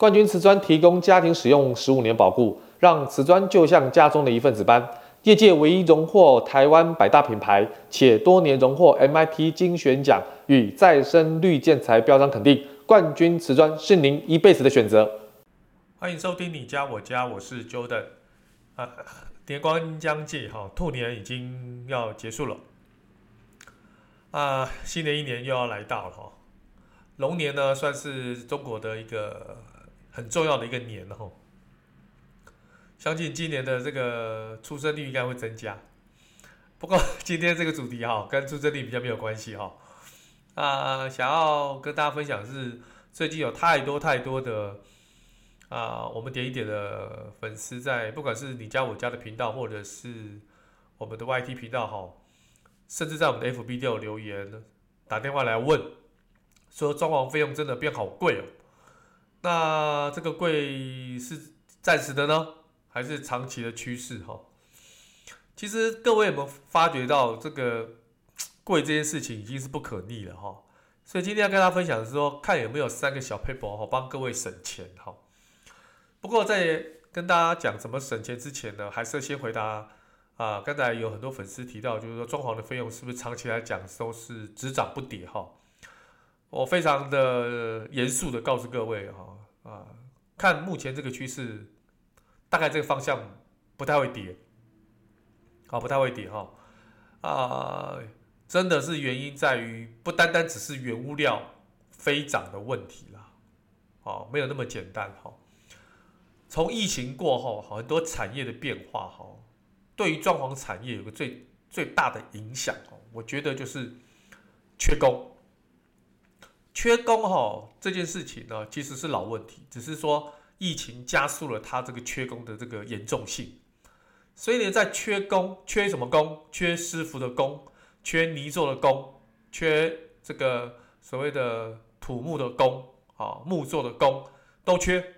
冠軍瓷磚提供家庭使用十五年保固，讓瓷磚就像家中的一份子般。業界唯一榮獲台灣百大品牌，且多年榮獲 MIT 精選獎與再生綠建材標章肯定。冠軍瓷磚是您一輩子的選擇。歡迎收聽你家我家，我是 Jordan。啊，年關將近，哈，兔年已經要結束了，啊，新的一年又要來到了。龍年呢，算是中國的一個。很重要的一個年哦，相信今年的這個出生率應該會增加。不過今天這個主題哈，跟出生率比較沒有關係哈。啊，想要跟大家分享是，最近有太多太多的啊、呃，我們點一點的粉絲在，不管是你家我家的頻道，或者是我們的 YT 頻道哈，甚至在我們的 FB 都有留言，打電話來問，說裝潢費用真的變好貴哦。那這個貴是暫時的呢，還是長期的趨勢哈？其實各位有沒有發覺到這個貴這件事情已經是不可逆了哈？所以今天要跟大家分享的是說，看有沒有三個小撇步哈幫各位省錢哈。不過在跟大家講怎麼省錢之前呢，還是要先回答啊，剛才有很多粉絲提到，就是說裝潢的費用是不是長期來講都是只漲不跌哈？我非常的嚴肅的告訴各位哈啊，啊，看目前這個趨勢，大概這個方向不太會跌，啊不太會跌哈啊，啊，真的是原因在於不單單只是原物料飛漲的問題啦，啊沒有那麼簡單哈、啊。從疫情過後，很多產業的變化哈，對於裝潢產業有個最最大的影響，我覺得就是缺工。缺工哈、哦，這件事情呢、啊、其實是老問題，只是說疫情加速了它這個缺工的這個嚴重性。所以呢，在缺工，缺什麼工？缺師傅的工，缺泥作的工，缺這個所謂的土木的工，啊木作的工都缺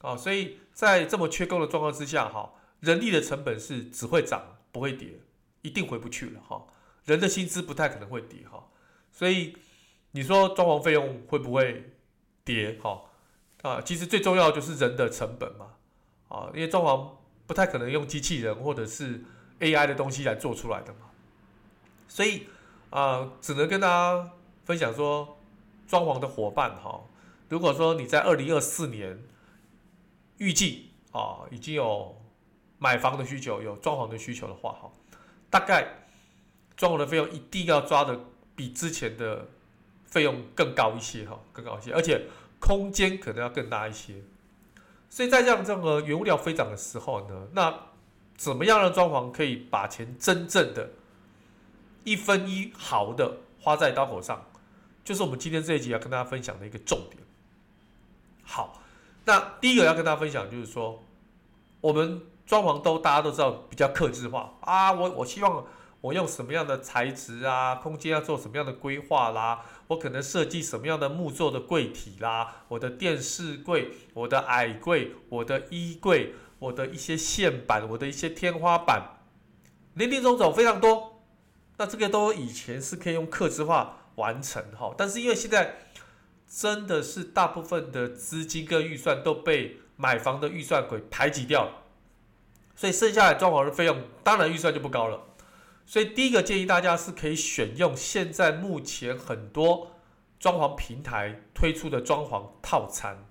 啊。所以在這麼缺工的狀況之下，哈，人力的成本是只會漲不會跌，一定回不去了哈。人的薪資不太可能會跌哈，所以。你說裝潢費用會不會跌？哈啊，其實最重要就是人的成本嘛，啊，因為裝潢不太可能用機器人或者是 AI 的東西來做出來的嘛，所以啊，只能跟大家分享說，裝潢的夥伴哈，如果說你在二零二四年預計啊已經有買房的需求、有裝潢的需求的話哈，大概裝潢的費用一定要抓得比之前的費用更高一些哈，更高一些，而且空間可能要更大一些。所以在這樣這個原物料飛漲的時候呢，那怎麼樣讓裝潢可以把錢真正的，一分一毫的花在刀口上，就是我們今天這一集要跟大家分享的一個重點。好，那第一個要跟大家分享的就是說，我們裝潢都大家都知道比較客制化啊，我我希望。我用什麼樣的材質啊？空間要做什麼樣的規劃啦？我可能設計什麼樣的木做的櫃體啦？我的電視櫃、我的矮櫃、我的衣櫃、我的一些線板、我的一些天花板，林林總總非常多。那這個都以前是可以用客製化完成哈，但是因為現在真的是大部分的資金跟預算都被買房的預算給排擠掉了，所以剩下來裝潢的費用當然預算就不高了。所以，第一個建議大家是可以選用現在目前很多裝潢平台推出的裝潢套餐。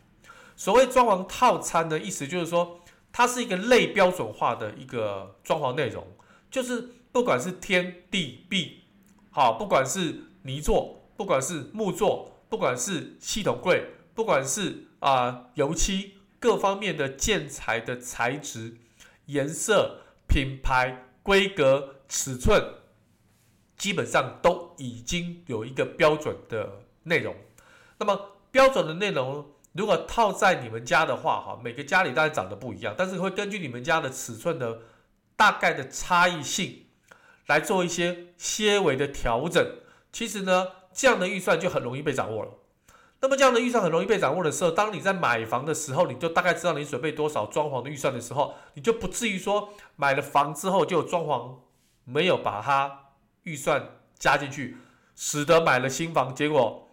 所謂裝潢套餐的意思，就是說它是一個類標準化的一個裝潢內容，就是不管是天地壁，好，不管是泥作，不管是木作，不管是系統櫃，不管是啊、呃、油漆各方面的建材的材質、顏色、品牌。規格尺寸基本上都已經有一個標準的內容，那麼標準的內容如果套在你們家的話，哈，每個家裡當然長得不一樣，但是會根據你們家的尺寸的大概的差異性來做一些些微的調整。其實呢，這樣的預算就很容易被掌握了。那麼這樣的預算很容易被掌握的時候，當你在買房的時候，你就大概知道你準備多少裝潢的預算的時候，你就不至於說買了房之後就裝潢沒有把它預算加進去，使得買了新房結果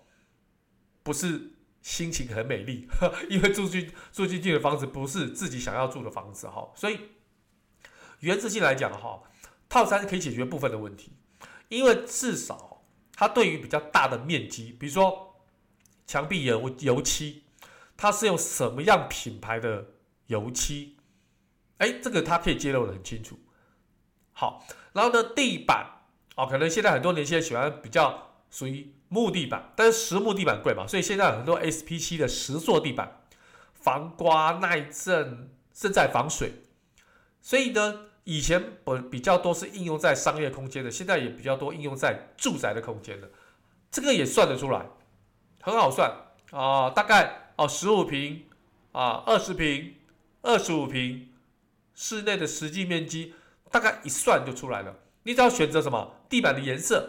不是心情很美麗，呵，因為住進住進去的房子不是自己想要住的房子哈。所以原則性來講哈，套餐可以解決部分的問題，因為至少它對於比較大的面積，比如說。牆壁油油漆，它是用什麼樣品牌的油漆？哎，這個它可以揭露的很清楚。好，然後呢，地板哦，可能現在很多年輕人喜歡比較屬於木地板，但是實木地板貴嘛，所以現在很多 SPC 的石塑地板，防刮、耐震、正在防水。所以呢，以前我比較多是應用在商業空間的，現在也比較多應用在住宅的空間的，這個也算得出來。很好算啊、呃，大概哦，十五平啊，二十平，二十五平，室內的實際面積大概一算就出來了。你只要選擇什麼地板的顏色，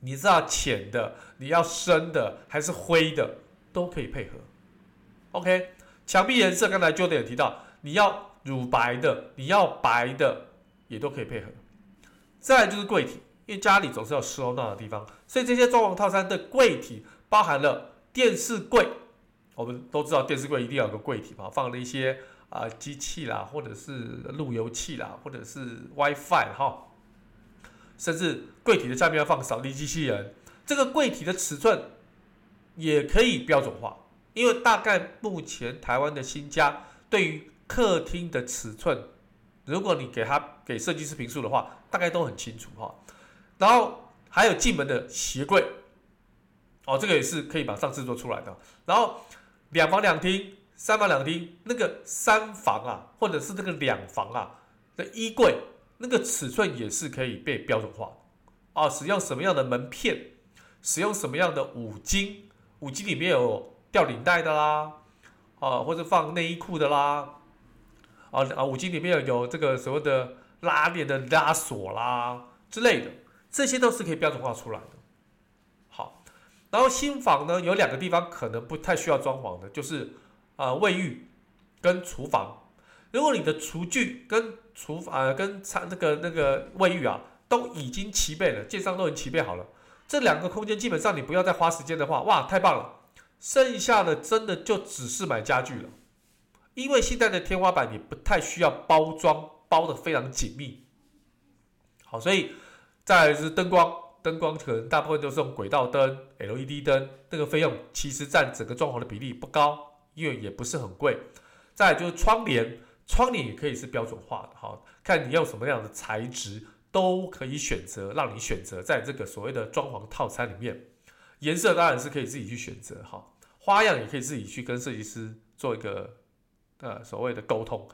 你知道淺的，你要深的還是灰的都可以配合。OK，牆壁顏色剛才 Judy 有提到，你要乳白的，你要白的也都可以配合。再來就是櫃體，因為家裡總是有收納的地方，所以這些裝潢套餐的櫃體。包含了電視櫃，我們都知道電視櫃一定要有個櫃體嘛，放了一些啊呃、機器啦，或者是路由器啦，或者是 WiFi 哈，甚至櫃體的下面要放掃地機器人。這個櫃體的尺寸也可以標準化，因為大概目前台灣的新家對於客廳的尺寸，如果你給他給設計師坪數的話，大概都很清楚哈。然後還有進門的鞋櫃。哦，這個也是可以馬上制作出來的。然後兩房兩廳、三房兩廳，那個三房啊，或者是這個兩房啊的衣櫃，那個尺寸也是可以被標準化啊，使用什麼樣的門片，使用什麼樣的五金，五金裡面有吊領帶的啦，啊，或者放內衣褲的啦，啊啊，五金裡面有有這個所謂的拉鏈的拉鎖啦之類的，這些都是可以標準化出來的。然後新房呢，有兩個地方可能不太需要裝潢的，就是啊、呃，衛浴跟廚房。如果你的廚具跟廚房、呃、跟餐那個那個衛浴啊，都已經齊備了，建商都已經齊備好了。這兩個空間基本上你不要再花時間的話，哇，太棒了！剩下的真的就只是買家具了，因為現在的天花板你不太需要包裝，包得非常緊密。好，所以再來就是燈光。燈光可能大部分都是用軌道燈、LED 燈，那個費用其實佔整個裝潢的比例不高，因為也不是很貴。再來就是窗簾，窗簾也可以是標準化的，哈，看你要什麼樣的材質都可以選擇，讓你選擇在這個所謂的裝潢套餐裡面，顏色當然是可以自己去選擇，哈，花樣也可以自己去跟設計師做一個呃所謂的溝通。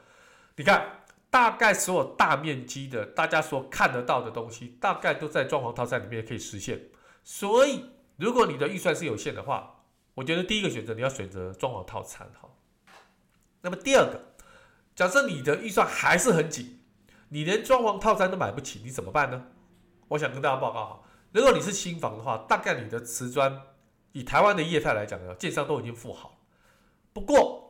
你看。大概所有大面積的大家所看得到的東西，大概都在裝潢套餐裡面可以實現。所以，如果你的預算是有限的話，我覺得第一個選擇，你要選擇裝潢套餐哈。那麼第二個，假設你的預算還是很緊，你連裝潢套餐都買不起，你怎麼辦呢？我想跟大家報告哈，如果你是新房的話，大概你的瓷磚以台灣的業態來講呢，建商都已經付好。不過，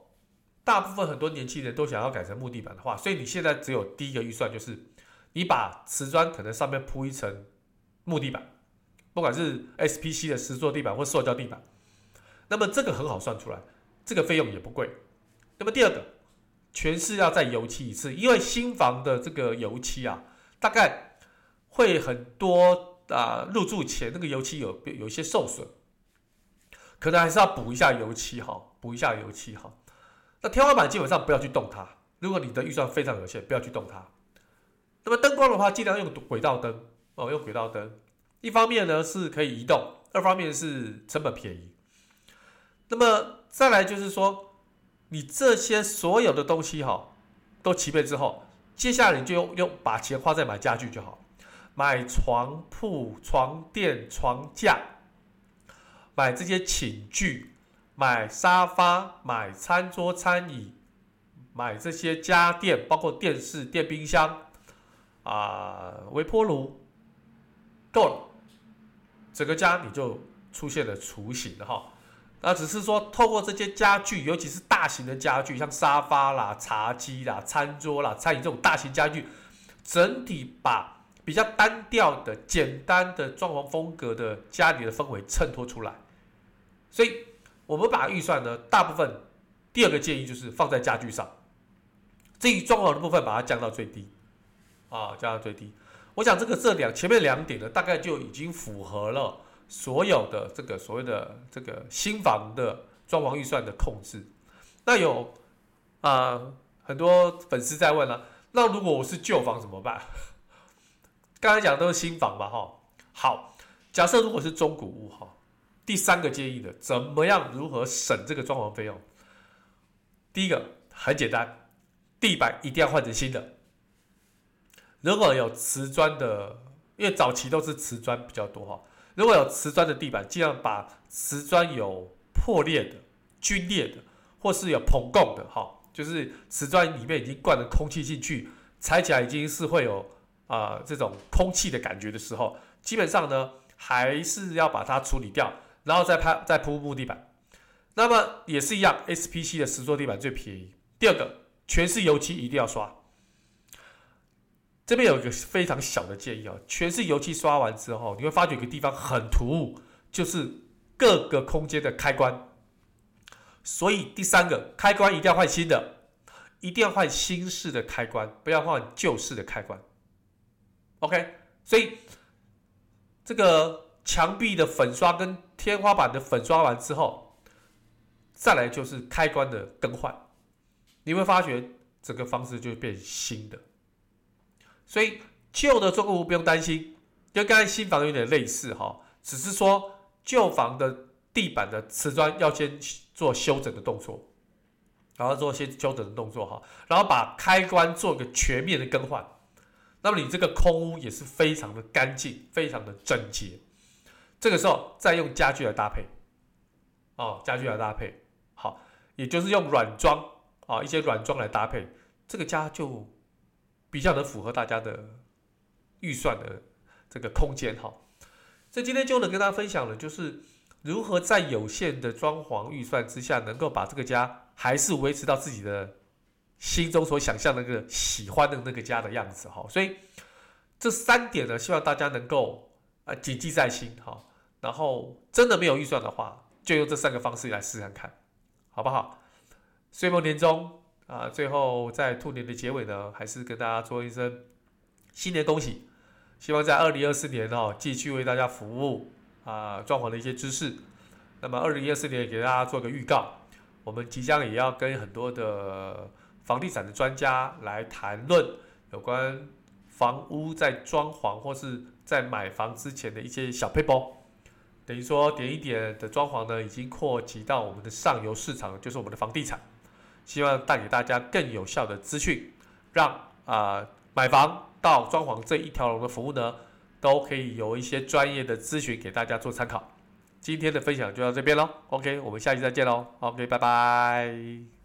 大部分很多年輕人都想要改成木地板的話，所以你現在只有第一個預算，就是你把瓷磚可能上面鋪一層木地板，不管是 SPC 的石塑地板或塑膠地板，那麼這個很好算出來，這個費用也不貴。那麼第二個，全室要再油漆一次，因為新房的這個油漆啊，大概會很多啊，入住前那個油漆有有一些受損，可能還是要補一下油漆哈，補一下油漆哈。天花板基本上不要去動它，如果你的預算非常有限，不要去動它。那麼燈光的話，儘量用軌道燈哦，用軌道燈，一方面呢是可以移動，二方面是成本便宜。那麼再來就是說，你這些所有的東西哈都齊備之後，接下來你就用，用把錢花在買家具就好，買床鋪、床墊、床架，買這些寢具。買沙發、買餐桌、餐椅，買這些家電，包括電視、電冰箱，啊、呃，微波爐，夠了，整個家你就出現了雛形了哈。那只是說，透過這些家具，尤其是大型的家具，像沙發啦、茶几啦、餐桌啦、餐桌啦、餐椅這種大型家具，整體把比較單調的、簡單的裝潢風格的家裡的氛圍襯托出來，所以。我們把預算呢，大部分第二個建議就是放在家具上，至於裝潢的部分，把它降到最低，啊，降到最低。我想這個這兩前面兩點呢，大概就已經符合了所有的這個所謂的這個新房的裝潢預算的控制。那有啊、呃、很多粉絲在問了、啊，那如果我是舊房怎麼辦？剛 才講的都是新房嘛，哈。好，假設如果是中古屋，哈。第三個建議的，怎麼樣？如何省這個裝潢費用？第一個很簡單，地板一定要換成新的。如果有瓷磚的，因為早期都是瓷磚比較多哈，如果有瓷磚的地板，盡量把瓷磚有破裂的、龜裂的，或是有膨共的哈，就是瓷磚裡面已經灌了空氣進去，踩起來已經是會有啊、呃、這種空氣的感覺的時候，基本上呢，還是要把它處理掉。然後再拍再鋪木地板，那麼也是一樣，SPC 的石塑地板最便宜。第二個，全是油漆一定要刷。這邊有一個非常小的建議啊、哦，全是油漆刷完之後，你會發覺一個地方很突兀，就是各個空間的開關。所以第三個，開關一定要換新的，一定要換新式的開關，不要換舊式的開關。OK，所以這個。牆壁的粉刷跟天花板的粉刷完之後，再來就是開關的更換。你會發覺整個房子就會變新的。所以舊的中古屋不用擔心，跟剛才新房有點類似哈，只是說舊房的地板的瓷磚要先做修整的動作，然後做些修整的動作哈，然後把開關做一個全面的更換。那麼你這個空屋也是非常的乾淨，非常的整潔。這個時候再用家具來搭配，哦，家具來搭配，好，也就是用軟裝啊、哦，一些軟裝來搭配，這個家就比較能符合大家的預算的這個空間哈。所以今天就能跟大家分享的就是如何在有限的裝潢預算之下，能夠把這個家還是維持到自己的心中所想象的那個喜歡的那個家的樣子哈。所以這三點呢，希望大家能夠。啊，謹記在心哈。然後，真的沒有預算的話，就用這三個方式來試試看看，好不好？歲末年終啊，最後在兔年的結尾呢，還是跟大家說一聲新年恭喜。希望在二零二四年哦，繼續為大家服務啊，裝潢的一些知識。那麼，二零二四年給大家做個預告，我們即將也要跟很多的房地產的專家來談論有關。房屋在裝潢或是在買房之前的一些小配幫，等於說點一點的裝潢呢，已經擴及到我們的上游市場，就是我們的房地產。希望帶給大家更有效的資訊，讓、呃、啊買房到裝潢這一條龍的服務呢，都可以有一些專業的諮詢給大家做參考。今天的分享就到這邊嘍，OK，我們下期再見嘍，OK，拜拜。